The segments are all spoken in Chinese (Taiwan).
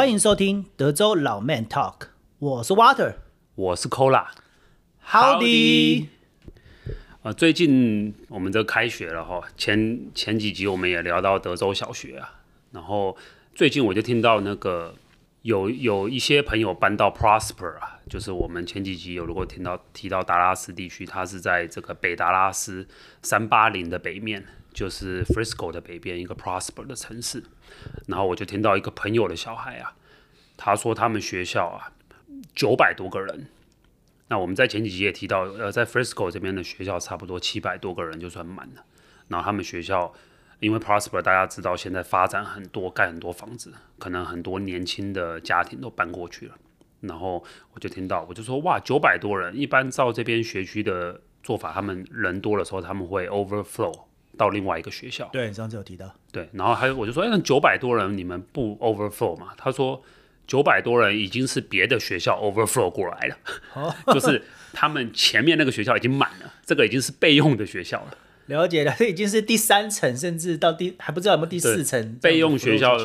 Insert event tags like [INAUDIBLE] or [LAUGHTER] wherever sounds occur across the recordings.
歡迎收聽德州老 man talk，我是 water，我是 cola，Howdy。呃，啊，最近我們這開學了哈，哦，前前幾集我們也聊到德州小學啊，然後最近我就聽到那個有有一些朋友搬到 Prosper 啊，就是我們前幾集有如果聽到提到達拉斯地區，它是在這個北達拉斯三八零的北面，就是 Frisco 的北邊一個 Prosper 的城市。然後我就聽到一個朋友的小孩啊，他說他們學校啊，九百多個人。那我們在前幾集也提到，呃，在 Frisco 這邊的學校差不多七百多個人就算滿了。然後他們學校，因為 Prosper 大家知道現在發展很多，蓋很多房子，可能很多年輕的家庭都搬過去了。然後我就聽到，我就說哇，九百多人，一般照這邊學區的做法，他們人多的時候他們會 overflow。到另外一個學校，對，你上次有提到，對，然後還有我就說，哎，那九百多人，你們不 overflow 嗎？他說九百多人已經是別的學校 overflow 過來了，哦， [LAUGHS] 就是他們前面那個學校已經滿了，這個已經是備用的學校了。了解了，這已經是第三層，甚至到第還不知道有沒有第四層備用學校，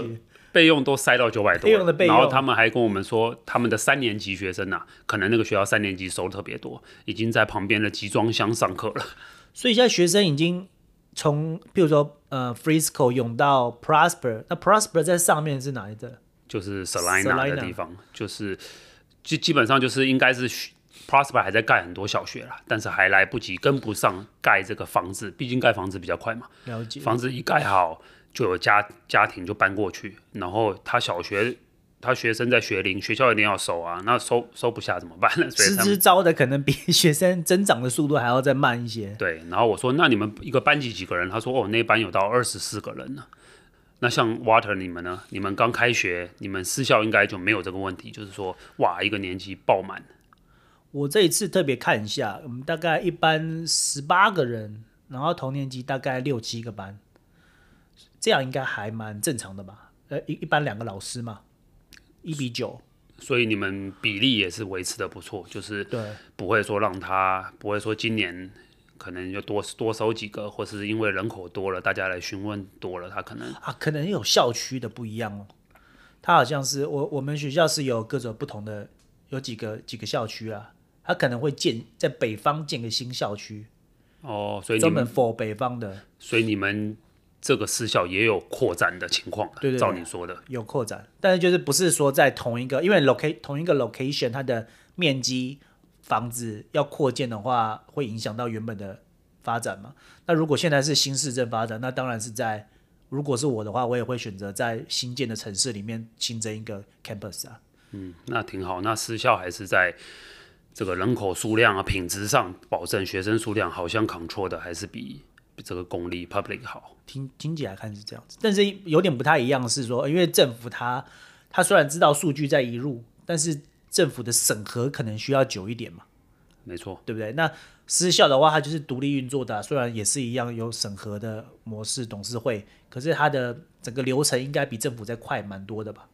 備用都塞到九百多，備用的備用，然後他們還跟我們說，他們的三年級學生呢、啊，可能那個學校三年級收特別多，已經在旁邊的集裝箱上課了。所以現在學生已經。從譬如說呃，Frisco 湧到 Prosper，那 Prosper 在上面是哪一個？就是 Celina 的地方，Celina。就是基基本上就是應該是 Prosper 還在蓋很多小學啦，但是還來不及，跟不上蓋這個房子，畢竟蓋房子比較快嘛。了解。房子一蓋好，就有家家庭就搬過去，然後他小學。他學生在學齡，學校一定要收啊，那收收不下怎麼辦呢？所以師資招的可能比學生增長的速度還要再慢一些。對，然後我說，那你們一個班級幾個人？他說，哦，那班有到二十四個人呢、啊。那像 Water 你們呢？你們剛開學，你們私校應該就沒有這個問題，就是說，哇，一個年級爆滿。我這一次特別看一下，我們、嗯、大概一班十八個人，然後同年級大概六七個班，這樣應該還蠻正常的吧？呃，一一班兩個老師嘛。一比九，所以你們比例也是維持得不錯，就是對，不會說讓他，對不會說今年可能就多多收幾個，或是因為人口多了，大家來詢問多了，他可能啊，可能有校區的不一樣哦。他好像是我，我們學校是有各種不同的，有幾個幾個校區啊，他可能會建在北方建個新校區哦，所以專門 for 北方的，所以你們。這個私校也有擴展的情況，對、對、對，照你說的有擴展，但是就是不是說在同一個，因為 location 同一個 location 它的面積房子要擴建的話，會影響到原本的發展嗎？那如果現在是新市鎮發展，那當然是在如果是我的話，我也會選擇在新建的城市裡面新增一個 campus 啊。嗯，那挺好。那私校還是在這個人口數量啊、品質上保證學生數量，好像 control 的還是比。比這個公立 public 好聽，聽聽起來看是這樣子，但是有點不太一樣是說，因為政府它它雖然知道數據在移入，但是政府的審核可能需要久一點嘛，沒錯，對不對？那私校的話，它就是獨立運作的，雖然也是一樣有審核的模式，董事會，可是它的整個流程應該比政府再快蠻多的吧？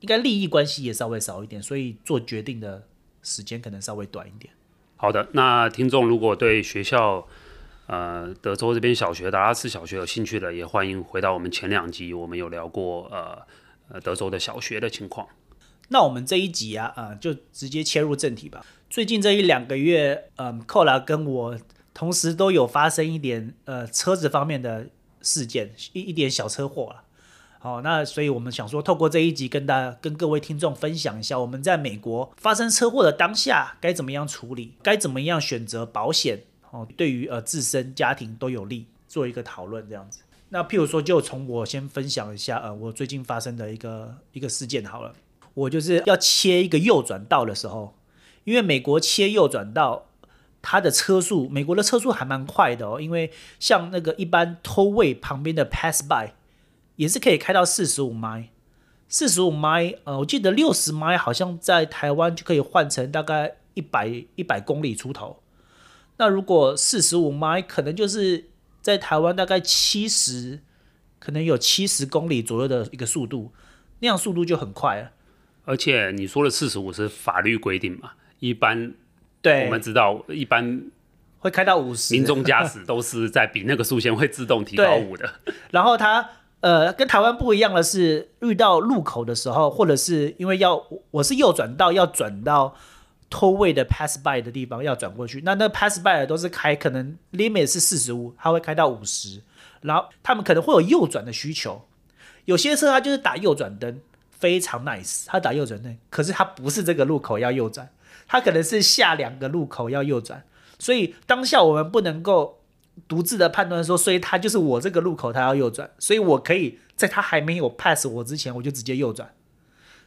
應該利益關係也稍微少一點，所以做決定的時間可能稍微短一點。好的，那聽眾如果對學校。呃，德州這邊小學，達拉斯小學有興趣的也歡迎回到我們前兩集，我們有聊過呃，德州的小學的情況。那我們這一集啊，呃，就直接切入正題吧。最近這一兩個月，嗯、呃、Cola 跟我同時都有發生一點呃車子方面的事件，一一點小車禍了、啊。好、哦，那所以我們想說，透過這一集跟大家、跟各位聽眾分享一下，我們在美國發生車禍的當下該怎麼樣處理，該怎麼樣選擇保險。哦，對於呃自身家庭都有利，做一個討論這樣子。那譬如說，就從我先分享一下呃我最近發生的一個一個事件好了。我就是要切一個右轉道的時候，因為美國切右轉道，它的車速，美國的車速還蠻快的哦。因為像那個一般 tollway 旁邊的 pass by，也是可以開到四十五邁，四十五邁呃，我記得六十邁好像在台灣就可以換成大概一百一百公里出頭。那如果四十五邁，可能就是在台灣大概七十，可能有七十公里左右的一個速度，那樣速度就很快了。而且你說的四十五是法律規定嘛？一般，對，我們知道一般會開到五十，民眾駕駛都是在比那個速限會自動提高五的。然後他呃，跟台灣不一樣的是，遇到路口的時候，或者是因為要我是右轉道要轉到，要偷位的 pass by 的地方要轉過去，那那 pass by 都是開，可能 limit 是四十五，他會開到五十，然後他們可能會有右轉的需求，有些車它就是打右轉燈，非常 nice，他打右轉燈，可是他不是這個路口要右轉，他可能是下兩個路口要右轉，所以當下我們不能夠獨自的判斷說，所以它就是我這個路口它要右轉，所以我可以在它還沒有 pass 我之前，我就直接右轉，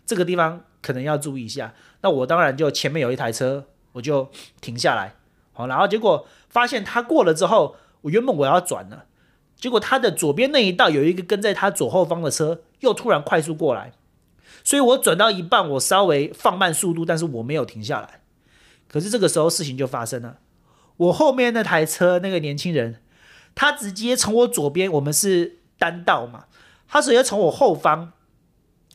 這個地方可能要注意一下。那我當然就前面有一台車，我就停下來，好，然後結果發現他過了之後，我原本我要轉了，結果他的左邊那一道有一個跟在他左後方的車，又突然快速過來，所以我轉到一半，我稍微放慢速度，但是我沒有停下來，可是這個時候事情就發生了，我後面那台車那個年輕人，他直接從我左邊，我們是單道嘛，他直接從我後方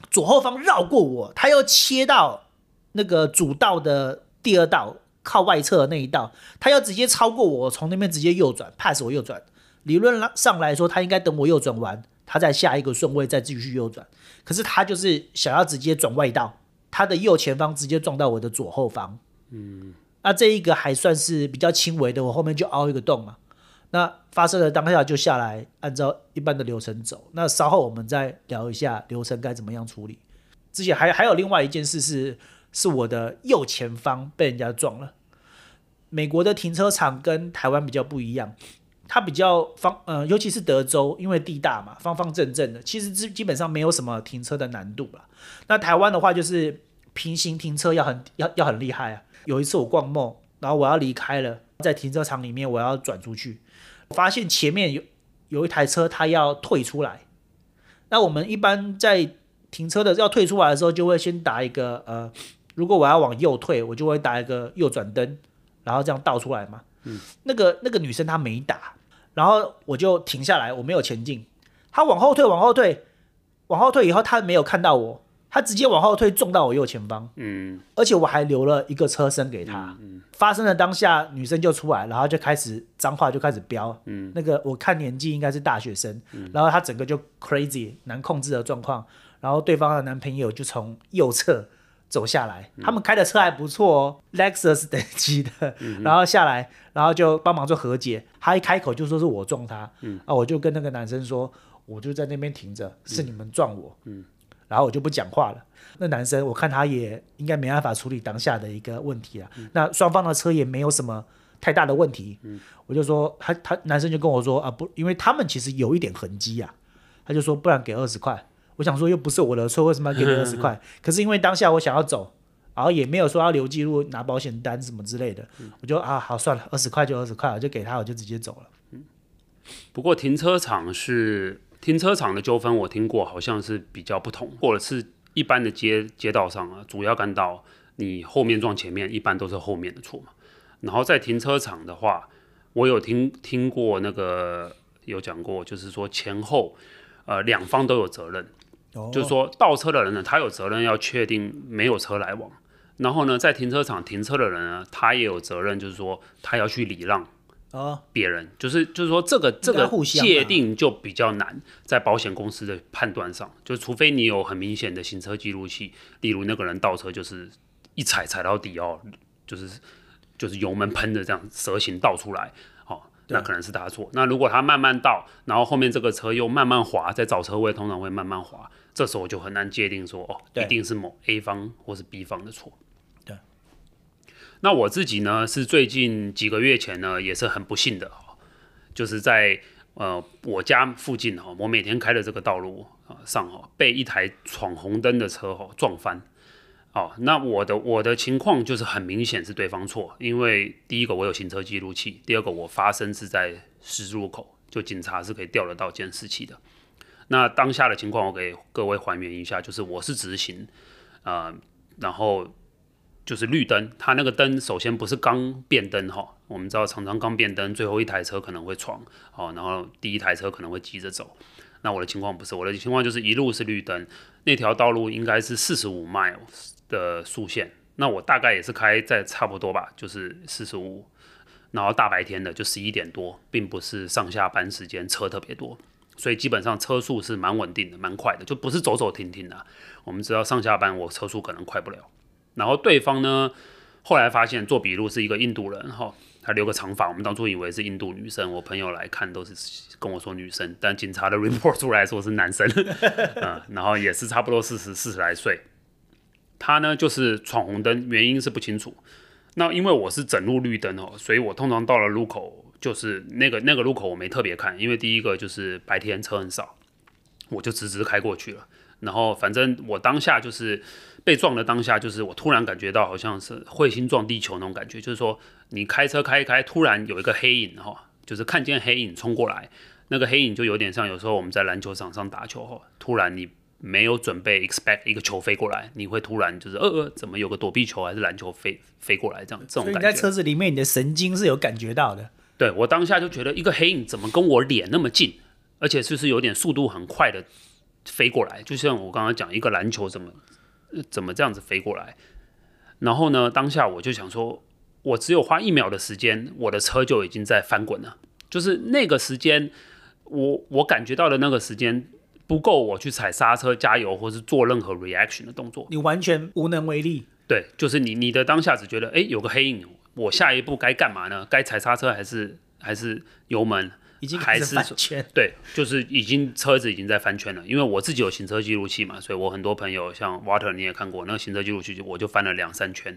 左後方繞過我，他又切到。那個主道的第二道靠外側的那一道，他要直接超過我，從那邊直接右轉，pass 我右轉。理論上來說，他應該等我右轉完，他再下一個順位再繼續右轉。可是他就是想要直接轉外道，他的右前方直接撞到我的左後方。嗯，那這一個還算是比較輕微的，我後面就凹一個洞嘛。那發生的當下就下來，按照一般的流程走。那稍後我們再聊一下流程該怎麼樣處理。之前還還有另外一件事是，是我的右前方被人家撞了。美國的停車場跟台灣比較不一樣，它比較方，呃，尤其是德州，因為地大嘛，方方正正的，其實基基本上沒有什麼停車的難度吧。那台灣的話，就是平行停車要很要要很厲害啊。有一次我逛夢，然後我要離開了，在停車場裡面我要轉出去，發現前面有有一台車，它要退出來。那我們一般在停車的要退出來的時候，就會先打一個呃。如果我要往右退，我就會打一個右轉燈，然後這樣倒出來嘛。嗯，那個那個女生她沒打，然後我就停下來，我沒有前進。她往後退，往後退，往後退以後她沒有看到我，她直接往後退撞到我右前方。嗯，而且我還留了一個車身給她。嗯，發生了當下，女生就出來，然後就開始髒話就開始飆。嗯，那個我看年紀應該是大學生。嗯，然後她整個就 crazy 難控制的狀況，然後對方的男朋友就從右側。走下來，他們開的車還不錯哦、嗯，Lexus 等級的，嗯、哼然後下來，然後就幫忙做和解。他一開口就說是我撞他，嗯、啊，我就跟那個男生說，我就在那邊停着，是你們撞我，嗯、然後我就不講話了。那男生我看他也應該沒辦法處理當下的一個問題啊，嗯、那雙方的車也沒有什麼太大的問題，嗯、我就說他，他男生就跟我說啊不，因為他們其實有一點痕跡啊，他就說不然給二十塊。我想說又不是我的錯，為什麼要給你二十塊？嗯、可是因為當下我想要走，然後也沒有說要留記錄、拿保險單什麼之類的，嗯、我就啊好算了，二十塊就二十塊，我就給他，我就直接走了。嗯，不過停車場是停車場的糾紛，我聽過好像是比較不同，或者是一般的街街道上啊，主要幹道，你後面撞前面一般都是後面的錯嘛。然後在停車場的話，我有聽聽過那個有講過，就是說前後呃兩方都有責任。就是說倒車的人呢，他有責任要確定沒有車來往，然後呢，在停車場停車的人呢，他也有責任，就是說他要去禮讓別人，哦、就是就是說這個這個界定就比較難，啊、在保險公司的判斷上，就除非你有很明顯的行車記錄器，例如那個人倒車就是一踩踩到底哦，就是就是油門噴的這樣蛇形倒出來。那可能是他錯。那如果他慢慢倒，然後後面這個車又慢慢滑，在找車位，通常會慢慢滑。這時候我就很難界定說，哦，一定是某 A 方或是 B 方的錯。對。對，那我自己呢，是最近幾個月前呢，也是很不幸的，就是在呃我家附近哈，我每天開的這個道路上哈，被一台闖紅燈的車哈撞翻。哦，那我的我的情況就是很明顯是對方錯，因為第一個我有行車記錄器，第二個我發生是在十字路口，就警察是可以調得到監視器的。那當下的情況我給各位還原一下，就是我是直行，啊、呃，然後就是綠燈，它那個燈首先不是剛變燈哈、哦，我們知道常常剛變燈最後一台車可能會闖，好、哦，然後第一台車可能會急着走，那我的情況不是，我的情況就是一路是綠燈，那條道路應該是四十五邁。的速限，那我大概也是開在差不多吧，就是四十五，然後大白天的就十一點多，並不是上下班時間，車特別多，所以基本上車速是蠻穩定的，蠻快的，就不是走走停停的，啊。我們知道上下班我車速可能快不了，然後對方呢，後來發現做筆錄是一個印度人，哈，他留個長髮，我們當初以為是印度女生，我朋友來看都是跟我說女生，但警察的 report 出來說是男生， [LAUGHS] 嗯，然後也是差不多四十四十來歲。他呢，就是闖紅燈，原因是不清楚。那因為我是整路綠燈哦，所以我通常到了路口，就是那個那個路口我沒特別看，因為第一個就是白天車很少，我就直直開過去了。然後反正我當下就是被撞的當下，就是我突然感覺到好像是彗星撞地球那種感覺，就是說你開車開一開，突然有一個黑影哈，就是看見黑影衝過來，那個黑影就有點像有時候我們在籃球場上打球哈，突然你。沒有準備，expect 一個球飛過來，你會突然就是呃，呃，怎麼有個躲避球還是籃球飛飛過來這樣，這種感覺在車子裡面，你的神經是有感覺到的。對我當下就覺得一個黑影怎麼跟我臉那麼近，而且就是有點速度很快的飛過來，就像我剛剛講一個籃球怎麼怎麼這樣子飛過來。然後呢，當下我就想說，我只有花一秒的時間，我的車就已經在翻滾了，就是那個時間，我我感覺到的那個時間。不夠我去踩剎車、加油，或是做任何 reaction 的動作，你完全無能為力。對，就是你你的當下只覺得，哎、欸，有個黑影，我下一步該幹嘛呢？該踩剎車還是還是油門？已經開始翻圈，還是對，就是已經車子已經在翻圈了。因為我自己有行車記錄器嘛，所以我很多朋友像 Water 你也看過那個行車記錄器，我就翻了兩三圈。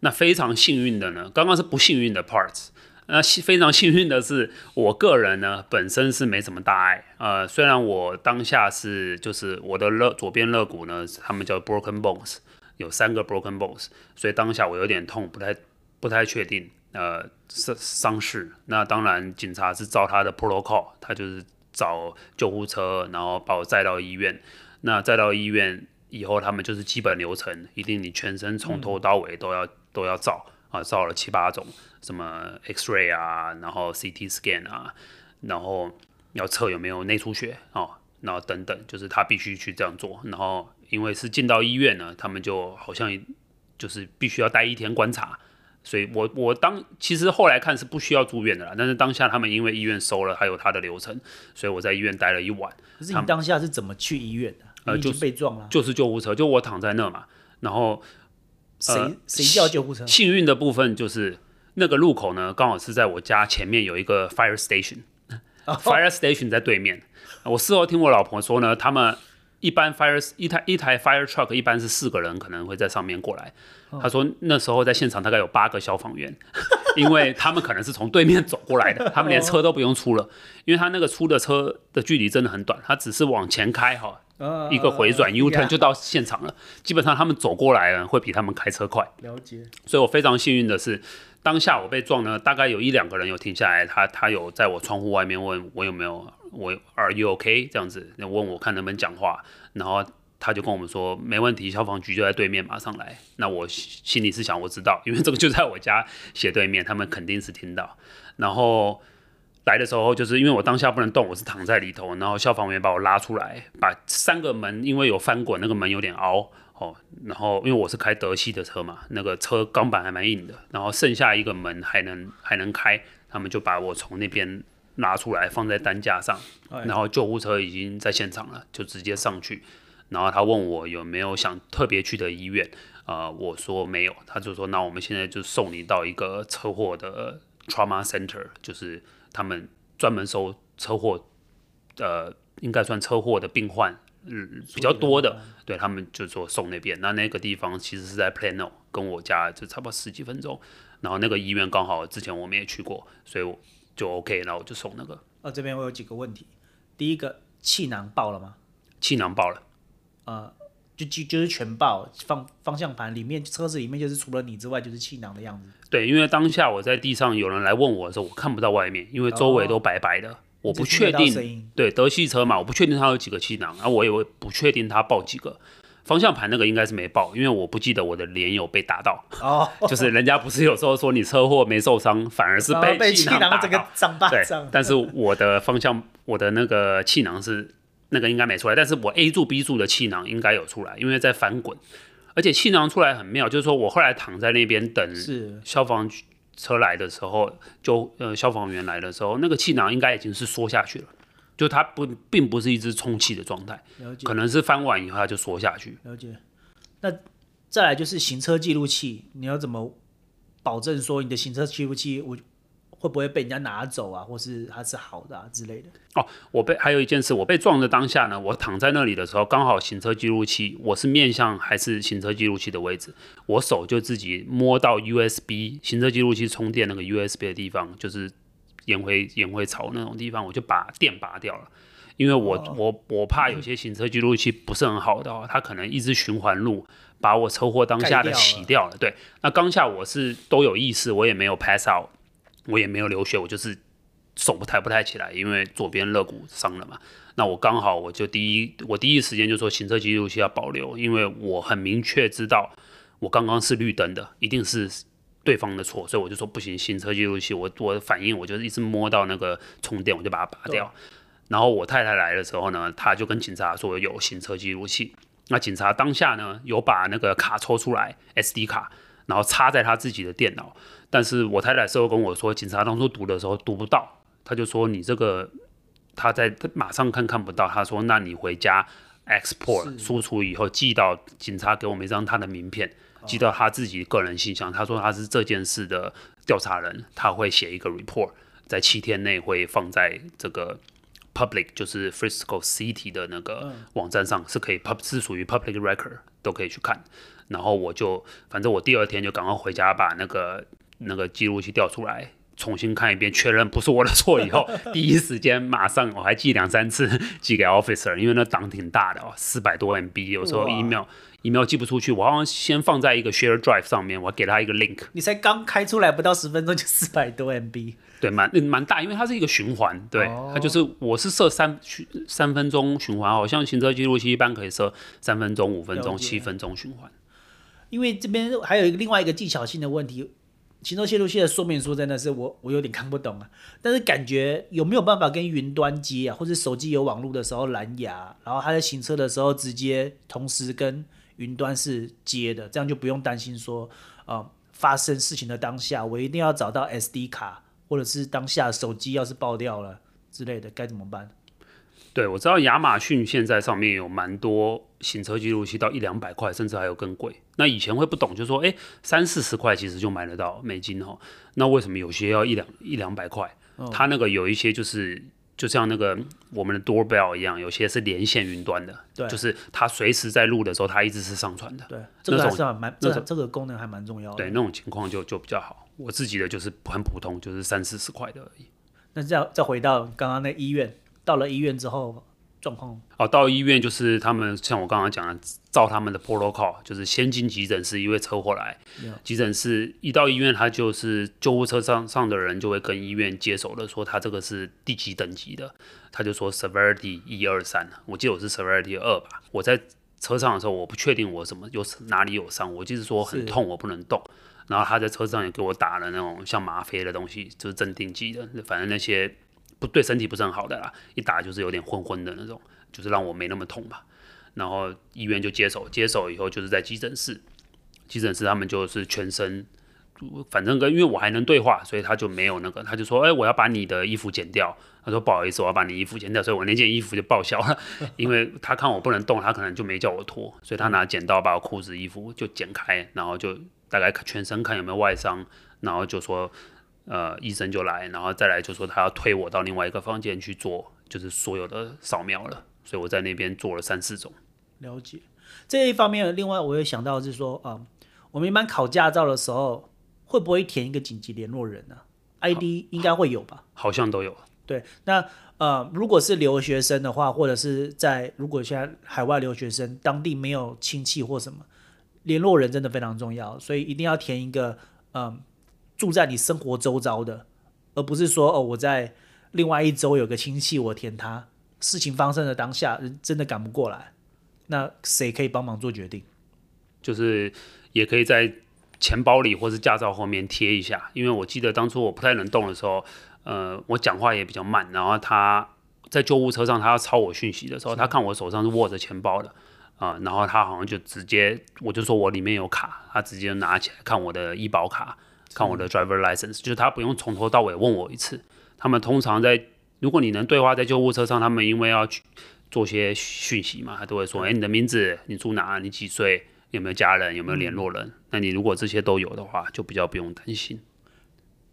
那非常幸運的呢，剛剛是不幸運的 parts。那幸，非常幸運的是，我個人呢，本身是沒什麼大礙。呃，雖然我當下是就是我的肋左邊肋骨呢，他們叫 broken bones，有三個 broken bones，所以當下我有點痛，不太不太確定。呃，傷傷勢。那當然，警察是照他的 protocol，他就是找救護車，然後把我載到醫院。那載到醫院以後，他們就是基本流程，一定你全身從頭到尾都要、嗯、都要照。啊，照了七八種，什麼 X-ray 啊，然後 CT scan 啊，然後要測有沒有內出血啊、哦，然後等等，就是他必須去這樣做。然後因為是進到醫院呢，他們就好像就是必須要待一天觀察，所以我，我我當其實後來看是不需要住院的啦，但是當下他們因為醫院收了，還有他的流程，所以我在醫院待了一晚。可是你當下是怎麼去醫院的？呃，就是被撞了，啊就是、就是救護車，就我躺在那嘛，然後。誰、呃、誰叫救護車？幸運的部分就是那個路口呢，剛好是在我家前面有一個 fire station，fire、Oh. station 在對面。我事後聽我老婆說呢，他們。一般 fire 一台一台 fire truck 一般是四個人可能會在上面過來。他說那時候在現場大概有八個消防員，因為他們可能是從對面走過來的，他們連車都不用出了，因為他那個出的車的距離真的很短，他只是往前開哈，一個回轉 U turn 就到現場了。基本上他們走過來啊會比他們開車快。了解。所以我非常幸運的是，當下我被撞呢，大概有一兩個人有停下來他，他他有在我窗戶外面問我有沒有。我 Are you OK？這樣子，那問我看能不能講話，然後他就跟我們說沒問題，消防局就在對面，馬上來。那我心裡是想，我知道，因為這個就在我家斜對面，他們肯定是聽到。然後來的時候，就是因為我當下不能動，我是躺在裡頭，然後消防員把我拉出來，把三個門，因為有翻滾，那個門有點凹哦。然後因為我是開德系的車嘛，那個車鋼板還蠻硬的，然後剩下一個門還能還能開，他們就把我從那邊。拿出來放在擔架上，哎呀，然後救護車已經在現場了，就直接上去。然後他問我有沒有想特別去的醫院，呃，我說沒有。他就說，那我們現在就送你到一個車禍的 trauma center，就是他們專門收車禍，呃，應該算車禍的病患，嗯，比較多的。對他們就說送那邊。那那個地方其實是在 Plano，跟我家就差不多十幾分鐘。然後那個醫院剛好之前我們也去過，所以我。就 OK，然後我就送那個。呃、啊，這邊我有幾個問題。第一個，氣囊爆了嗎？氣囊爆了，呃，就就就是全爆，方方向盤裡面，車子裡面就是除了你之外，就是氣囊的樣子。對，因為當下我在地上，有人來問我的時候，我看不到外面，因為周圍都白白的，哦、我不確定。對，德系車嘛，我不確定它有幾個氣囊，然、啊、後我也不確定它爆幾個。方向盤那個應該是沒爆，因為我不記得我的臉有被打到。哦，oh. 就是人家不是有時候說你車禍沒受傷，反而是被氣囊打到。氣囊整個。對，但是我的方向， [LAUGHS] 我的那個氣囊是那個應該沒出來，但是我 A 柱、B 柱的氣囊應該有出來，因為在翻滾，而且氣囊出來很妙，就是說我後來躺在那邊等消防車來的時候，是就呃消防員來的時候，那個氣囊應該已經是縮下去了。就它不並不是一直充氣的狀態，了解，可能是翻完以後它就縮下去，了解。那再來就是行車記錄器，你要怎麼保證說你的行車記錄器我會不會被人家拿走啊，或是它是好的啊之類的？哦，我被還有一件事，我被撞的當下呢，我躺在那裡的時候，剛好行車記錄器我是面向還是行車記錄器的位置，我手就自己摸到 USB 行車記錄器充電那個 USB 的地方，就是。煙灰煙灰槽那種地方，我就把電拔掉了，因為我我我怕有些行車記錄器不是很好的話，它可能一直循環錄，把我車禍當下的洗掉了。對，那當下我是都有意識，我也沒有 pass out，我也沒有流血，我就是手不抬不抬起來，因為左邊肋骨傷了嘛。那我剛好我就第一我第一時間就說行車記錄器要保留，因為我很明確知道我剛剛是綠燈的，一定是，對方的錯，所以我就說不行，行車記錄器，我我反應，我就是一直摸到那個充電，我就把它拔掉。對然後我太太來的時候呢，她就跟警察說有行車記錄器。那警察當下呢，有把那個卡抽出來，SD 卡，然後插在他自己的電腦。但是我太太事後跟我說，警察當初讀的時候讀不到，他就說你這個他在他馬上看看不到，他說那你回家 export 是輸出以後寄到警察，給我們一張他的名片。寄到他自己個人信箱，他說他是這件事的調查人，他會寫一個 report，在七天內會放在這個 public，就是 Frisco City 的那個網站上，是可以 pub 是屬於 public record 都可以去看。然後我就反正我第二天就趕快回家把那個那個記錄器調出來。重新看一遍，確認不是我的錯以後， [LAUGHS] 第一時間馬上，我還寄兩三次寄給 officer，因為那檔挺大的哦，四百多 MB，有時候 email 哇 email 寄不出去，我好像先放在一個 share drive 上面，我給他一個 link。你才剛開出來不到十分鐘就四百多 MB，對，蠻、嗯、蠻大，因為它是一個循環，對，哦、它就是我是設三三分鐘循環，好像行車記錄器一般可以設三分鐘、五分鐘、了解七分鐘循環。因為這邊還有一個另外一個技巧性的問題。行車記錄器的說明書真的是我我有點看不懂啊，但是感覺有沒有辦法跟雲端接啊，或者手機有網絡的時候藍牙，然後他在行車的時候直接同時跟雲端是接的，這樣就不用擔心說呃發生事情的當下，我一定要找到 SD 卡，或者是當下手機要是爆掉了之類的該怎麼辦？對，我知道亞馬遜現在上面有蠻多行車記錄器，到一兩百塊，甚至還有更貴。那以前會不懂，就說哎，三四十塊其實就買得到美金哦。那為什麼有些要一兩一兩百塊？哦、它那個有一些就是就像那個我們的 doorbell 一樣，有些是連線雲端的，對就是它隨時在錄的時候，它一直是上傳的。對，這個這個功能還蠻重要的。對，那種情況就就比較好。我自己的就是很普通，就是三四十塊的而已。那再再回到剛剛那醫院。到了醫院之後，狀況哦，到醫院就是他們像我剛剛講的，照他們的 protocol，就是先進急診室，因為車禍來 Yeah. 急診室一到醫院，他就是救護車上上的人就會跟醫院接手了，說他這個是第幾等級的，他就說 severity 一二三，我記得我是 severity 二吧，我在車上的時候我不確定我什麼有哪裡有傷，我就是說很痛，是我不能動，然後他在車上也給我打了那種像嗎啡的東西，就是鎮定劑的，反正那些。不對身體不是很好的啦，一打就是有點昏昏的那種，就是讓我沒那麼痛吧。然後醫院就接手，接手以後就是在急診室，急診室他們就是全身，反正跟因為我還能對話，所以他就沒有那個，他就說：“哎、欸，我要把你的衣服剪掉。”他說：“不好意思，我要把你衣服剪掉，所以我那件衣服就報銷了。”因為他看我不能動，他可能就沒叫我脫，所以他拿剪刀把我褲子衣服就剪開，然後就大概全身看有沒有外傷，然後就說。呃，醫生就來，然後再來就說他要推我到另外一個房間去做，就是所有的掃描了。所以我在那邊做了三四種。了解這一方面，另外我也想到是說，啊、嗯，我們一般考駕照的時候會不會填一個緊急聯絡人呢？ID 應該會有吧？好像都有。對，那呃、嗯，如果是留學生的話，或者是在如果現在海外留學生當地沒有親戚或什麼，聯絡人真的非常重要，所以一定要填一個，嗯。住在你生活周遭的，而不是說哦，我在另外一周有個親戚，我填他。事情發生的當下，人真的趕不過來，那誰可以幫忙做決定？就是也可以在錢包裡或是駕照後面貼一下，因為我記得當初我不太能動的時候，呃，我講話也比較慢，然後他在救護車上，他要抄我訊息的時候，他看我的手上是握着錢包的啊、呃，然後他好像就直接，我就說我裡面有卡，他直接拿起來看我的醫保卡。看我的 driver license，就是他不用從頭到尾問我一次。他們通常在，如果你能對話在救護車上，他們因為要去做些訊息嘛，他都會說，誒、欸，你的名字，你住哪，你幾歲，有沒有家人，有沒有聯絡人。那你如果這些都有的話，就比較不用擔心。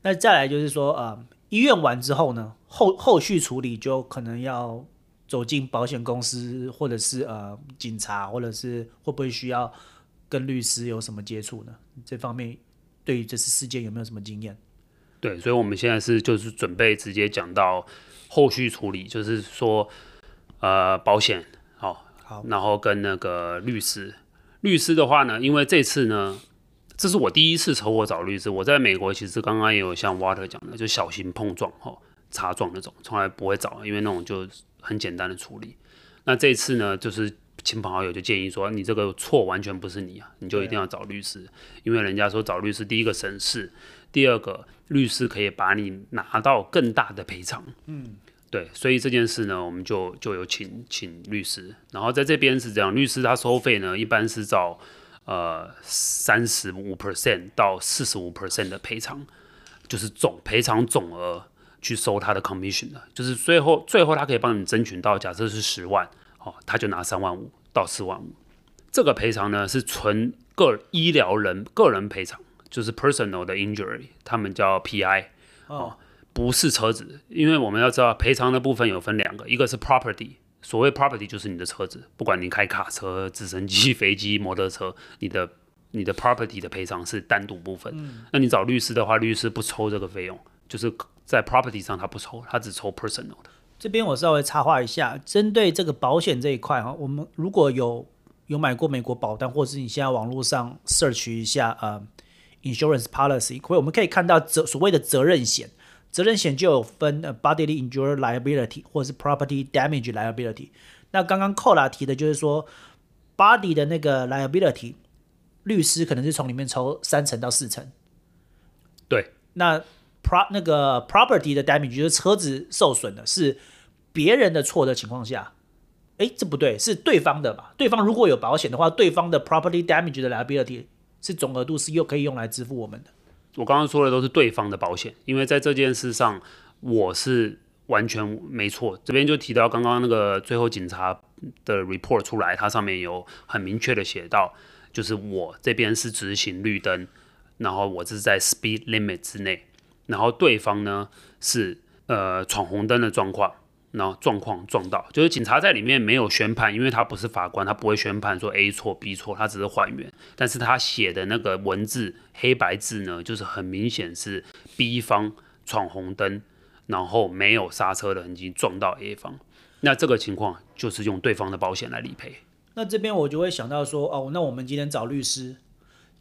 那再來就是說，呃，醫院完之後呢，後後續處理就可能要走進保險公司，或者是呃，警察，或者是會不會需要跟律師有什麼接觸呢？這方面。對於這次事件有沒有什麼經驗？對，所以我們現在是就是準備直接講到後續處理，就是說，呃，保險，哦、好，好，然後跟那個律師，律師的話呢，因為這次呢，這是我第一次車禍找的律師。我在美國其實剛剛也有像 Water 講的，就小型碰撞哈，擦、哦、撞那種，從來不會找，因為那種就很簡單的處理。那這次呢，就是。親朋好友就建議說：“你這個錯完全不是你啊，你就一定要找律師，啊、因為人家說找律師第一個省事，第二個律師可以把你拿到更大的賠償。”嗯，對，所以這件事呢，我們就就有請請律師。然後在這邊是這樣，律師他收費呢，一般是找呃三十五 percent 到四十五 percent 的賠償，就是總賠償總額去收他的 commission 的，就是最後最後他可以幫你爭取到，假設是十萬。哦，他就拿三萬五到四萬五，這個賠償呢是純個醫療人個人賠償，就是 personal 的 injury，他們叫 PI 哦，不是車子，因為我們要知道賠償的部分有分兩個，一個是 property，所謂 property 就是你的車子，不管你開卡車、直升機、飛機、摩托車，你的你的 property 的賠償是單獨部分。嗯。那你找律師的話，律師不抽這個費用，就是在 property 上他不抽，他只抽 personal 的。這邊我稍微插話一下，針對這個保險這一塊哈，我們如果有有買過美國保單，或者是你現在網絡上 search 一下呃、嗯、insurance policy，可以我們可以看到責所謂的責任險，責任險就有分 bodily injury liability 或是 property damage liability。那剛剛 Cola 提的就是說 body 的那個 liability，律師可能是從裡面抽三成到四成。對，那。pro 那個 property 的 damage 就是車子受損的是別人的錯的情況下，哎，這不對，是對方的吧？對方如果有保險的話，對方的 property damage 的 liability 是總額度是又可以用來支付我們的。我剛剛說的都是對方的保險，因為在這件事上我是完全沒錯。這邊就提到剛剛那個最後警察的 report 出來，它上面有很明確的寫到，就是我這邊是執行綠燈，然後我是在 speed limit 之內。然後對方呢，是呃闖紅燈的狀況，然後狀況撞到，就是警察在裡面沒有宣判，因為他不是法官，他不會宣判說 A 錯 B 錯，他只是還原。但是他寫的那個文字黑白字呢，就是很明顯是 B 方闖紅燈，然後沒有剎車的痕跡撞到 A 方，那這個情況就是用對方的保險來理賠。那這邊我就會想到說，哦，那我們今天找律師。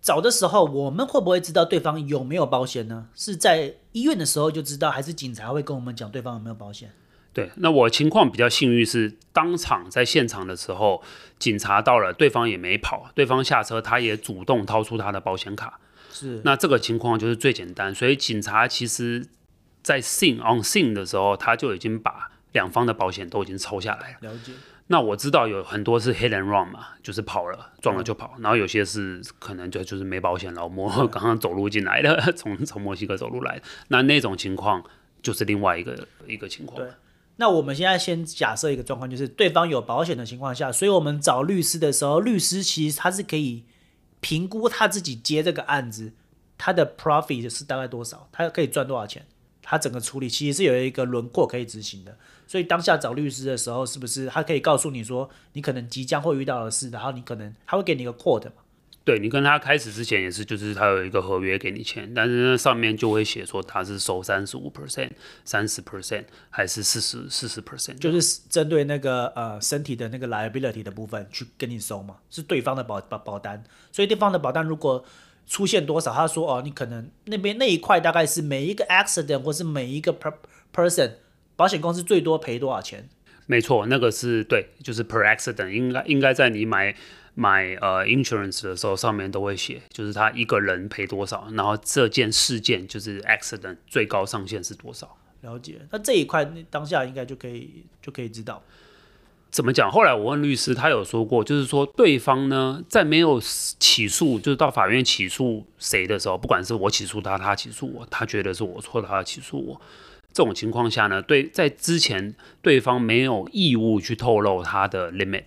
找的時候，我們會不會知道對方有沒有保險呢？是在醫院的時候就知道，還是警察會跟我們講對方有沒有保險？對，那我情況比較幸運是，是當場在現場的時候，警察到了，對方也沒跑，對方下車，他也主動掏出他的保險卡。是，那這個情況就是最簡單，所以警察其實在 scene on scene 的時候，他就已經把兩方的保險都已經抽下來了。了解。那我知道有很多是 hit and run 嘛，就是跑了撞了就跑了，嗯、然後有些是可能就就是沒保險老墨，我們剛剛走路進來的，嗯、從從墨西哥走路來的，那那種情況就是另外一個一個情況。對，那我們現在先假設一個狀況，就是對方有保險的情況下，所以我們找律師的時候，律師其實他是可以評估他自己接這個案子，他的 profit 是大概多少，他可以賺多少錢，他整個處理其實是有一個輪廓可以執行的。所以當下找律師的時候，是不是他可以告訴你說你可能即將會遇到的事，然後你可能他會給你一個 quote 嗎？對，你跟他開始之前也是，就是他有一個合約給你簽，但是那上面就會寫說他是收三十五 percent、三十 percent 還是四十四十 percent，就是針對那個呃身體的那個 liability 的部分去跟你收嘛，是對方的保保保單。所以對方的保單如果出現多少，他說哦，你可能那邊那一塊大概是每一個 accident 或是每一個 per person。保險公司最多賠多少錢？沒錯，那個是對，就是 per accident，應該應該在你買買呃 insurance 的時候，上面都會寫，就是他一個人賠多少，然後這件事件就是 accident 最高上限是多少。了解，那這一塊當下應該就可以就可以知道怎麼講。後來我問律師，他有說過，就是說對方呢，在沒有起訴，就是到法院起訴誰的時候，不管是我起訴他，他起訴我，他覺得是我錯了，他起訴我。這種情況下呢，對，在之前對方沒有義務去透露他的 limit，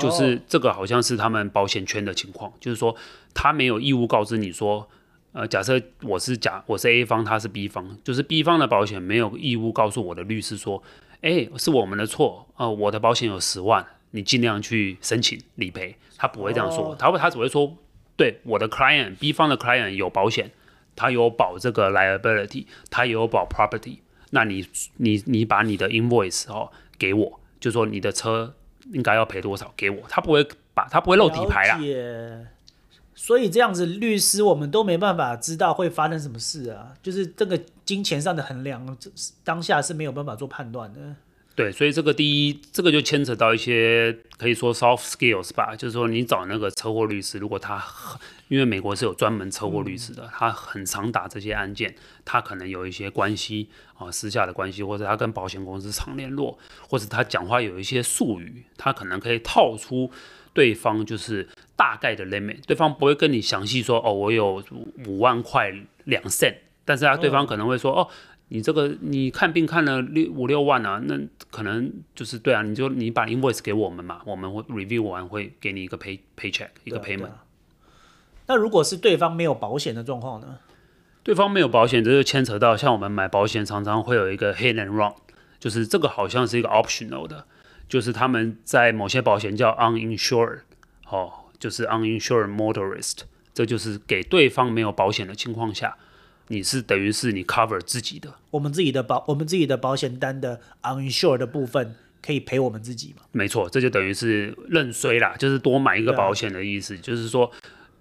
就是這個好像是他們保險圈的情況，就是說他沒有義務告知你說，呃，假設我是假我是 A 方，他是 B 方，就是 B 方的保險沒有義務告訴我的律師說，誒，是我們的錯，呃，我的保險有十萬，你儘量去申請理賠，他不會這樣說，他會他只會說，對，我的 client，B 方的 client 有保險。他有保這個 liability，他有保 property，那你你你把你的 invoice 哦，給我，就說你的車應該要賠多少給我，他不會把他不會露底牌啊。所以這樣子，律師我們都沒辦法知道會發生什麼事啊，就是這個金錢上的衡量，這當下是沒有辦法做判斷的。對，所以這個第一，這個就牽扯到一些可以說 soft skills 吧，就是說你找那個車禍律師，如果他很因為美國是有專門車禍律師的，嗯、他很常打這些案件，他可能有一些關係啊、呃、私下的關係，或者他跟保險公司常聯絡，或者他講話有一些術語，他可能可以套出對方就是大概的 limit，對方不會跟你詳細說哦，我有五萬塊兩 cent，、嗯、但是啊，對方可能會說哦，哦，你這個你看病看了六五六萬啊，那可能就是對啊，你就你把 invoice 給我們嘛，我們會 review 完會給你一個 pay paycheck、啊、一個 payment。那如果是對方沒有保險的狀況呢？對方沒有保險，這就牽扯到像我們買保險常常會有一個 hit and run，就是這個好像是一個 optional 的，就是他們在某些保險叫 uninsured，哦，就是 uninsured motorist，這就是給對方沒有保險的情況下，你是等於是你 cover 自己的。我們自己的保，我們自己的保險單的 uninsured 的部分可以賠我們自己嗎？沒錯，這就等於是認衰啦，就是多買一個保險的意思，對就是說。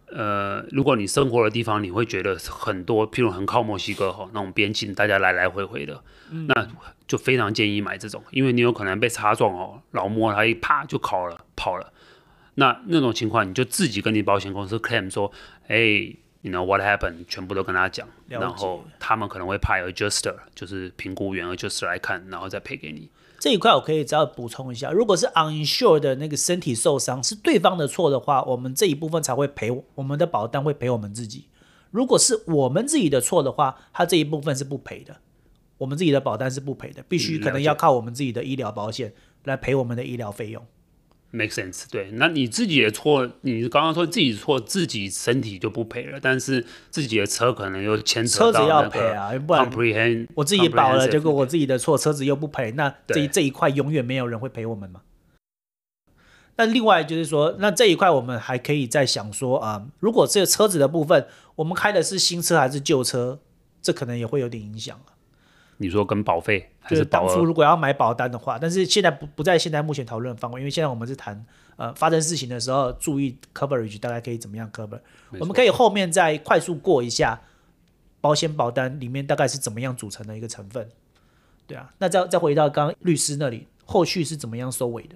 呃，如果你生活的地方你會覺得很多，譬如很靠墨西哥吼、哦、那種邊境，大家來來回回的，嗯、那就非常建議買這種，因為你有可能被擦撞哦，老墨他一啪就跑了跑了，那那種情況你就自己跟你保險公司 claim 說，哎。You know what happened 全部都跟他講，了解。然後他們可能會派 adjuster，就是評估員 adjuster 來，來看，然後再賠給你。這一塊我可以只要補充一下，如果是 uninsured 的那個身體受傷是對方的錯的話，我們這一部分才會賠我，我們的保單會賠我們自己。如果是我們自己的錯的話，他這一部分是不賠的，我們自己的保單是不賠的，必須可能要靠我們自己的醫療保險來賠我們的醫療費用。嗯 make sense 對，那你自己的錯，你剛剛說自己錯，自己身體就不賠了，但是自己的車可能又牽扯到、那個、車子要賠啊，欸、不然 Comprehensive，我自己保了結果我自己的錯，車子又不賠，那這對這一塊永遠沒有人會賠我們嗎？那另外就是說，那這一塊我們還可以再想說啊、嗯，如果這個車子的部分，我們開的是新車還是舊車，這可能也會有點影響。你說跟保費還是保額？就是當初如果要買保單的話，但是現在不不在現在目前討論的範圍，因為現在我們是談呃發生事情的時候，注意 coverage 大概可以怎麼樣 cover。沒錯。我們可以後面再快速過一下保險保單裡面大概是怎麼樣組成的一個成分，對啊。那再再回到剛剛律師那裡，後續是怎麼樣收尾的？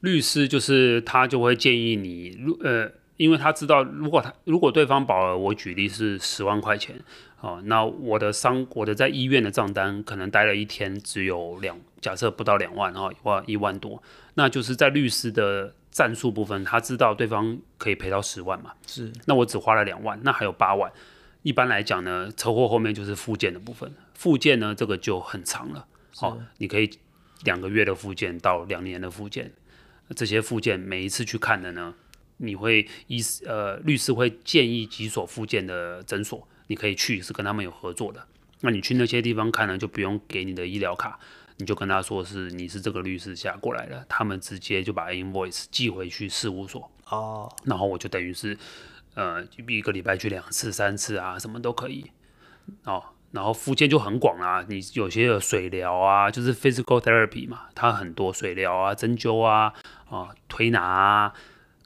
律師就是他就會建議你，如呃，因為他知道如果他如果對方保額，我舉例是十萬塊錢。好、哦，那我的傷，我的在醫院的賬單，可能待了一天，只有兩，假設不到兩萬哈，哇、哦，一萬多，那就是在律師的戰術部分，他知道對方可以賠到十萬嘛，是，那我只花了兩萬，那還有八萬。一般來講呢，車禍後面就是復健的部分，復健呢這個就很長了，好是、哦，你可以兩個月的復健到兩年的復健，這些復健每一次去看的呢，你會醫呃律師會建議幾所復健的診所。你可以去，是跟他們有合作的。那你去那些地方看呢，就不用給你的醫療卡，你就跟他說是你是這個律師下過來的，他們直接就把 invoice 寄回去事務所哦。然後我就等於是，呃，一個禮拜去兩次，三次啊，什麼都可以哦。然後復健就很廣啊，你有些有水療啊，就是 physical therapy 嘛，它很多水療啊、針灸啊、啊推拿啊，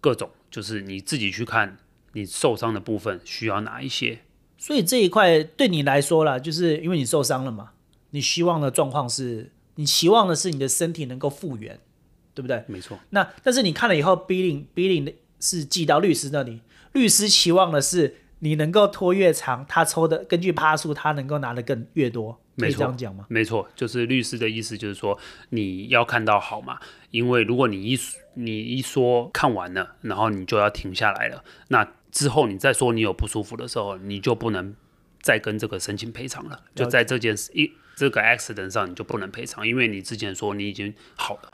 各種就是你自己去看你受傷的部分需要哪一些。所以這一塊對你來說啦，就是因為你受傷了嘛，你希望的狀況是你期望的是你的身體能夠復原，對不對？沒錯。那但是你看了以後，Billing Billing 是寄到律師那裡，律師期望的是你能夠拖越長，他抽的根據趴數，他能夠拿得更越多，沒錯，可以這樣講嗎？沒錯，就是律師的意思，就是說你要看到好嘛，因為如果你一你一說看完了，然後你就要停下來了，那。之後你再說你有不舒服的時候，你就不能再跟這個申請賠償了，了解。就在這件事一這個 accident 上你就不能賠償，因為你之前說你已經好了，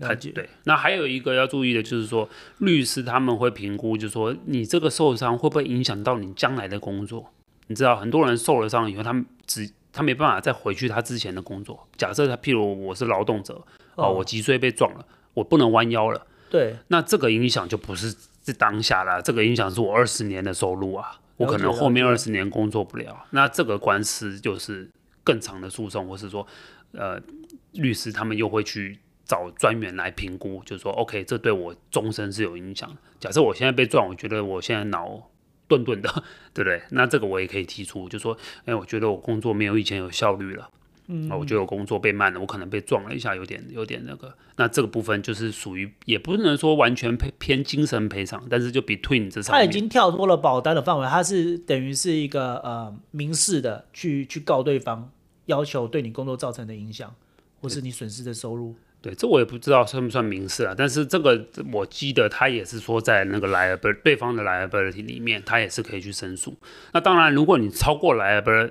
了解。他就對。那還有一個要注意的就是說，律師他們會評估，就是說你這個受傷會不會影響到你將來的工作？你知道很多人受了傷以後，他們只他沒辦法再回去他之前的工作。假設他，譬如我是勞動者，哦，哦，我脊椎被撞了，我不能彎腰了，對，那這個影響就不是，是當下啦，這個影響是我二十年的收入啊，我可能後面二十年工作不了。了了那這個官司就是更長的訴訟，或是說，呃，律師他們又會去找專員來評估，就說 OK，這對我終身是有影響。假設我現在被撞，我覺得我現在腦鈍鈍的，對不對？那這個我也可以提出，就說，哎、欸，我覺得我工作沒有以前有效率了。啊，嗯、我就有工作被慢了，我可能被撞了一下，有點有點那個。那這個部分就是屬於，也不能說完全偏偏精神賠償，但是就 between 這場，他已經跳脫了保單的範圍，他是等於是一個呃民事的去去告對方，要求對你工作造成的影響，或是你損失的收入對。對，這我也不知道算不算民事啊？但是這個這我記得他也是說在那個 liability 對方的 liability 裡面，他也是可以去申訴。那當然，如果你超過 liability。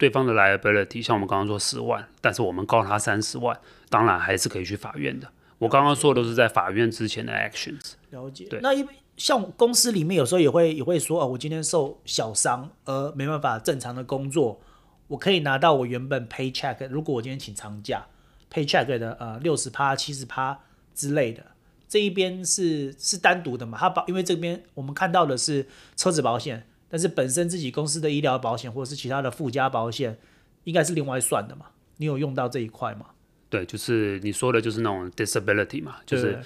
對方的 liability，像我們剛剛說十萬，但是我們告他三十萬，當然還是可以去法院的。了解。我剛剛說的都是在法院之前的 actions。了解。對。那因為像公司裡面有時候也會也會說，哦，我今天受小傷，而、呃、沒辦法正常的工作，我可以拿到我原本 paycheck。如果我今天請長假，paycheck 的呃六十趴、七十趴之類的，這一邊是是單獨的嘛？他保，因為這邊我們看到的是車子保險。但是本身自己公司的醫療保險或者是其他的附加保險，應該是另外算的嘛？你有用到這一塊嗎？對，就是你說的就是那種 disability 嘛，對就是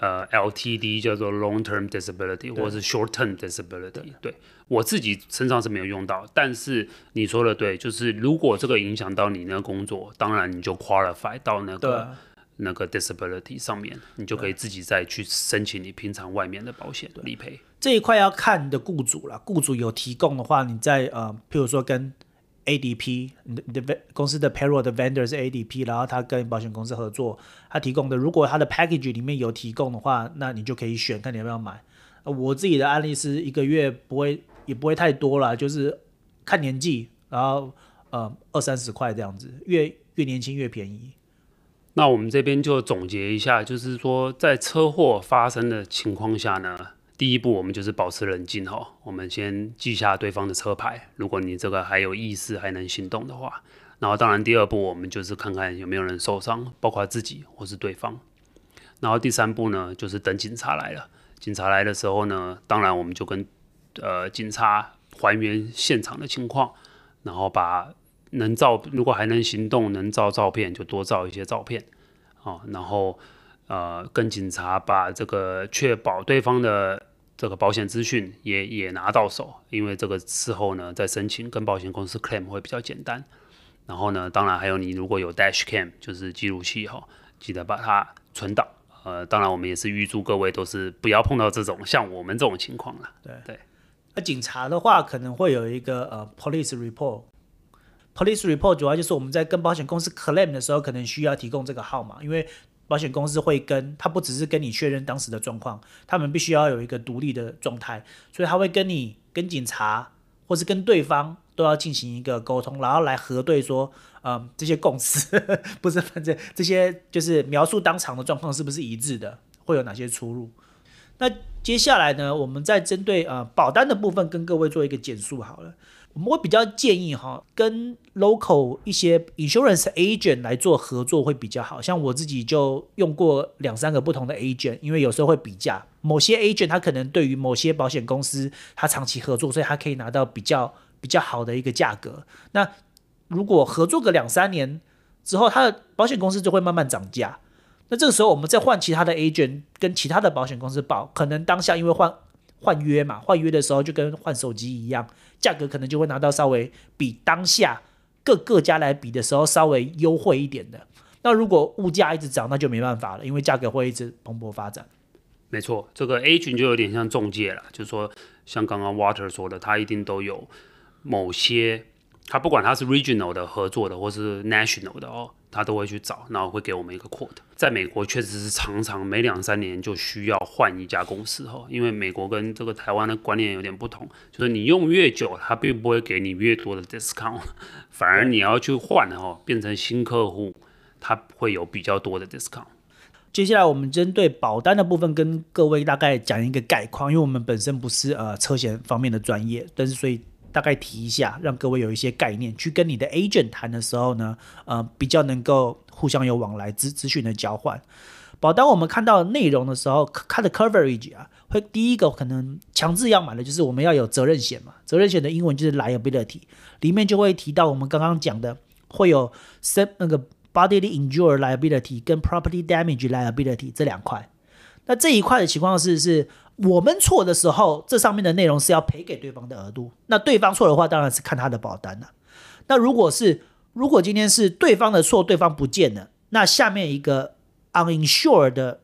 呃 LTD 叫做 long term disability 對或是 short term disability 對。對我自己身上是沒有用到，但是你說的對，就是如果這個影響到你那個工作，當然你就 qualify 到那個、啊、那個 disability 上面，你就可以自己再去申請你平常外面的保險理賠。對這一塊要看你的雇主了。雇主有提供的話，你在呃，譬如說跟 ADP，你的你的 v，公司的 payroll 的 vendor 是 ADP，然後他跟保險公司合作，他提供的，如果他的 package 裡面有提供的話，那你就可以選，看你要不要買，呃。我自己的案例是一個月不會，也不會太多啦，就是看年紀，然後呃二三十塊這樣子，越越年輕越便宜。那我們這邊就總結一下，就是說在車禍發生的情況下呢？第一步，我們就是保持冷靜哈、哦，我們先記下對方的車牌。如果你這個還有意識，還能行動的話，然後當然第二步，我們就是看看有沒有人受傷，包括自己或是對方。然後第三步呢，就是等警察來了。警察來的時候呢，當然我們就跟呃警察還原現場的情況，然後把能照，如果還能行動，能照照片就多照一些照片啊、哦，然後。呃，跟警察把這個確保對方的這個保險資訊也也拿到手，因為這個事後呢，在申請跟保險公司 claim 會比較簡單。然後呢，當然還有你如果有 dash cam 就是記錄器哈，記得把它存檔。呃，當然我們也是預祝各位都是不要碰到這種像我們這種情況了。對對，那對警察的話可能會有一個呃 police report，police report 主要就是我們在跟保險公司 claim 的時候，可能需要提供這個號碼，因為。保險公司會跟他，不只是跟你確認當時的狀況，他們必須要有一個獨立的狀態，所以他會跟你、跟警察或是跟對方都要進行一個溝通，然後來核對說，嗯、呃，這些共識呵呵不是，反正這些就是描述當場的狀況是不是一致的，會有哪些出入？那接下來呢，我們再針對呃保單的部分跟各位做一個簡述好了。我們會比較建議哈，跟 local 一些 insurance agent 來做合作會比較好。像我自己就用過兩三個不同的 agent，因為有時候會比價。某些 agent 他可能對於某些保險公司他長期合作，所以他可以拿到比較比較好的一個價格。那如果合作個兩三年之後，他的保險公司就會慢慢漲價。那這個時候我們再換其他的 agent 跟其他的保險公司報，可能當下因為換。換約嘛，換約的時候就跟換手機一樣，價格可能就會拿到稍微比當下各各家來比的時候稍微優惠一點的。那如果物價一直漲，那就沒辦法了，因為價格會一直蓬勃發展。沒錯，這個 A 群，就有點像中介了，就是說，像剛剛 Water 說的，他一定都有某些，他不管他是 Regional 的合作的，或是 National 的哦。他都會去找，然後會給我們一個 quote。在美國確實是常常每兩三年就需要換一家公司哈，因為美國跟這個台灣的觀念有點不同，就是你用越久，它並不會給你越多的 discount，反而你要去換哈，變成新客戶，它會有比較多的 discount。接下來我們針對保單的部分跟各位大概講一個概況，因為我們本身不是呃車險方面的專業，但是所以。大概提一下，讓各位有一些概念，去跟你的 agent 談的時候呢，呃，比較能夠互相有往來資資訊的交換。好，當我們看到內容的時候，它的 coverage 啊，會第一個可能強制要買的，就是我們要有責任險嘛。責任險的英文就是 liability，裡面就會提到我們剛剛講的會有那個 bodily injury liability 跟 property damage liability 這兩塊。那這一塊的情況是是。我們錯的時候，這上面的內容是要賠給對方的額度。那對方錯的話，當然是看他的保單了啊。那如果是如果今天是對方的錯，對方不見了，那下面一個 uninsured 的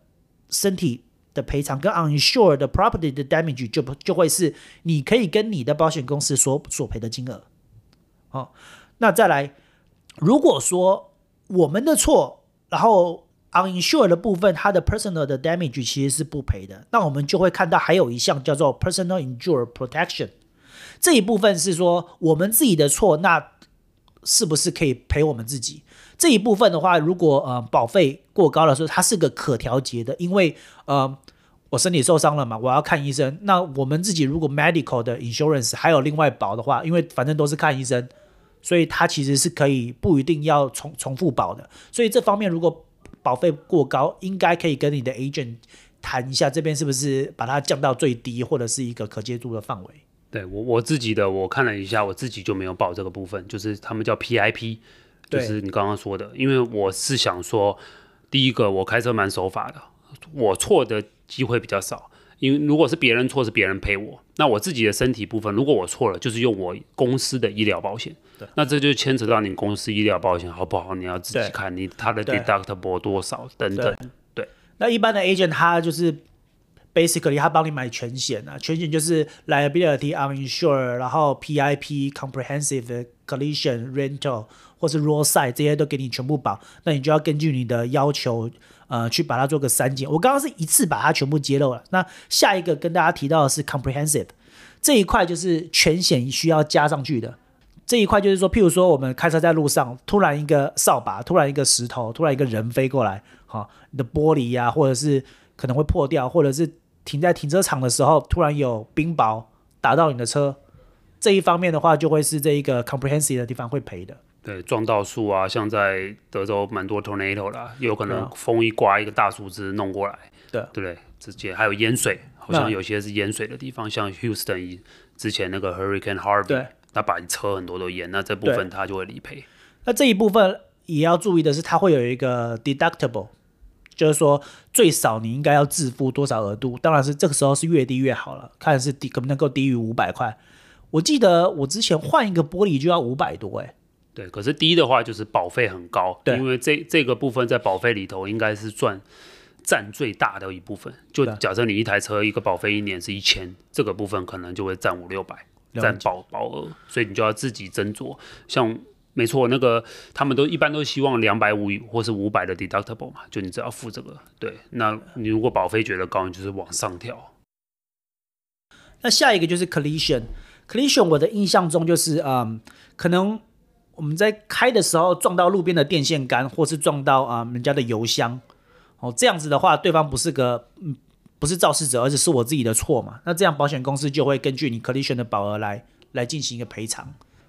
身體的賠償跟 uninsured property 的 pro 的 damage 就不就會是你可以跟你的保險公司索索賠的金額。啊、哦，那再來，如果說我們的錯，然後。Uninsured 的部分，它的 personal 的 damage 其實是不賠的。那我們就會看到還有一項叫做 personal injury protection，這一部分是說我們自己的錯，那是不是可以賠我們自己？這一部分的話，如果呃保費過高的時候，它是個可調節的，因為呃我身體受傷了嘛，我要看醫生。那我們自己如果 medical 的 insurance 還有另外保的話，因為反正都是看醫生，所以它其實是可以不一定要重重複保的。所以這方面如果保費過高，應該可以跟你的 agent 談一下，這邊是不是把它降到最低，或者是一個可接觸的範圍？對，我我自己的，我看了一下，我自己就沒有保這個部分，就是他們叫 PIP，就是你剛剛說的，對因為我是想說，第一個我開車蠻守法的，我錯的機會比較少，因為如果是別人錯是別人賠我，那我自己的身體部分，如果我錯了，就是用我公司的醫療保險。那這就牽扯到你公司醫療保險好不好？你要自己看你他的 deductible 多少等等。對,對,對,對，那一般的 agent 他就是 basically 他幫你買全險啊，全險就是 liability uninsured，然後 PIP comprehensive collision rental 或是 roadside 這些都給你全部保，那你就要根據你的要求呃去把它做個刪減。我剛剛是一次把它全部揭露了。那下一個跟大家提到的是 comprehensive 這一塊就是全險需要加上去的。這一塊就是說，譬如說，我們開車在路上，突然一個掃把，突然一個石頭，突然一個人飛過來，哈、啊，你的玻璃呀、啊，或者是可能會破掉，或者是停在停車場的時候，突然有冰雹打到你的車，這一方面的話，就會是這一個 comprehensive 的地方會賠的。對，撞到樹啊，像在德州蠻多 tornado 啦，有可能風一刮，一個大樹枝弄過來，嗯、對對，直接還有淹水，好像有些是淹水的地方，嗯、像 Houston 之前那個 Hurricane Harvey。那把你車很多都淹，那這部分它就會理賠。那這一部分也要注意的是，它會有一個 deductible，就是說最少你應該要自付多少額度？當然是這個時候是越低越好了，看是低可不能夠低於五百塊。我記得我之前換一個玻璃就要五百多哎、欸。對，可是低的話就是保費很高，對因為這這個部分在保費裡頭應該是賺占最大的一部分。就假設你一台車一個保費一年是一千，這個部分可能就會占五六百。在保保額，所以你就要自己斟酌。像沒錯，那個他們都一般都希望兩百五或是是五百的 deductible 嘛，就你只要付這個。對，那你如果保費覺得高，你就是往上調。那下一個就是 collision，collision coll 我的印象中就是啊、嗯，可能我們在開的時候撞到路邊的電線桿，或是撞到啊、嗯、人家的郵箱，哦這樣子的話，對方不是個嗯。不是肇事者，而是是我自己的錯嘛？那這樣保險公司就會根據你 collision 的保額來來進行一個賠償。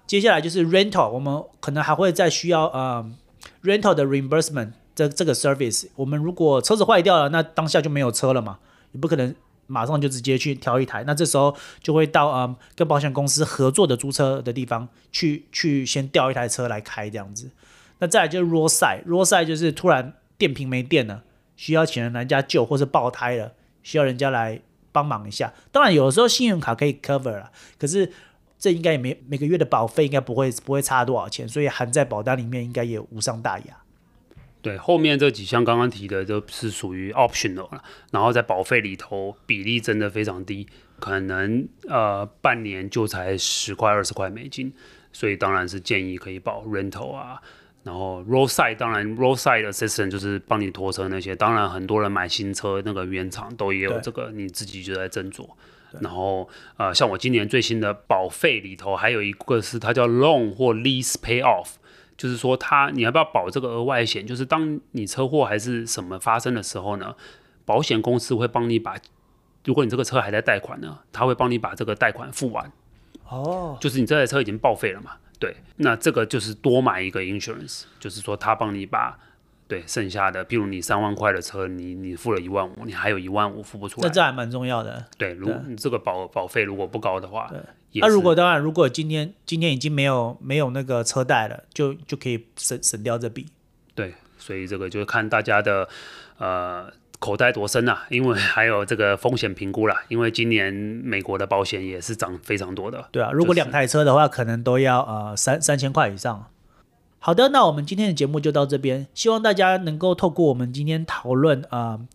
接下來就是 rental，我們可能還會再需要呃、嗯、rental 的 reimbursement 這這個 service。我們如果車子壞掉了，那當下就沒有車了嘛？你不可能馬上就直接去調一台。那這時候就會到呃、嗯、跟保險公司合作的租車的地方去去先調一台車來開這樣子。那再來就是 roadside，roadside 就是突然電瓶沒電了，需要請人來家救，或是爆胎了。需要人家來幫忙一下，當然有的時候信用卡可以 cover 啦，可是這應該也沒，每個月的保費應該不會不會差多少錢，所以含在保單裡面應該也無傷大雅。對，後面這幾項剛剛提的都是屬於 optional 了，然後在保費裡頭比例真的非常低，可能呃半年就才十塊二十塊美金，所以當然是建議可以保 rental 啊。然後 roadside，當然 roadside assistant 就是幫你拖車那些。當然，很多人買新車那個原廠都也有這個，對你自己就在斟酌。對然後，呃，像我今年最新的保費裡頭，還有一個是它叫 loan 或 lease pay off，就是說它，你要不要保這個額外險，就是當你車禍還是什麼發生的時候呢，保險公司會幫你把，如果你這個車還在貸款呢，他會幫你把這個貸款付完。哦，就是你這台車已經報廢了嘛。對，那這個就是多買一個 insurance，就是說他幫你把，對剩下的，譬如，你三萬塊的車，你你付了一萬五，你還有一萬五付不出來，那這還蠻重要的。對，如對這個保保費如果不高的話，那對是如果當然，如果今天今天已經沒有沒有那個車貸了，就就可以省省掉這筆。對，所以這個就是看大家的，呃。口袋多深啊？因為還有這個風險評估啦。因為今年美國的保險也是漲非常多的。對啊，如果兩台車的話，就是、可能都要呃三三千塊以上。好的，那我們今天的節目就到這邊。希望大家能夠透過我們今天討論啊、呃，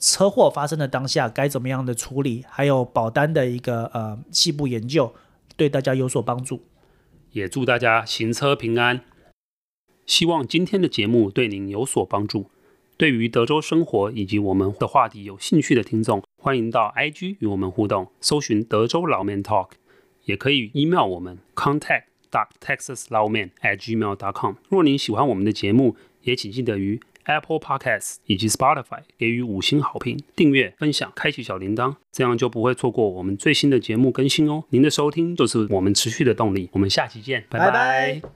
車禍發生的當下該怎麼樣的處理，還有保單的一個呃細部研究，對大家有所幫助。也祝大家行車平安，希望今天的節目對您有所幫助。對於德州生活以及我們的話題有興趣的聽眾，歡迎到 iG 與我們互動，搜尋德州老面 Talk，也可以 email 我們 c o n t a c t t e x a s l o w m a n g m a i l c o m。若您喜歡我們的節目，也請記得於 Apple Podcasts 以及 Spotify 給予五星好評、訂閱、分享、開啟小鈴鐺，這樣就不會錯過我們最新的節目更新哦。您的收聽就是我們持續的動力。我們下期見，拜拜。拜拜。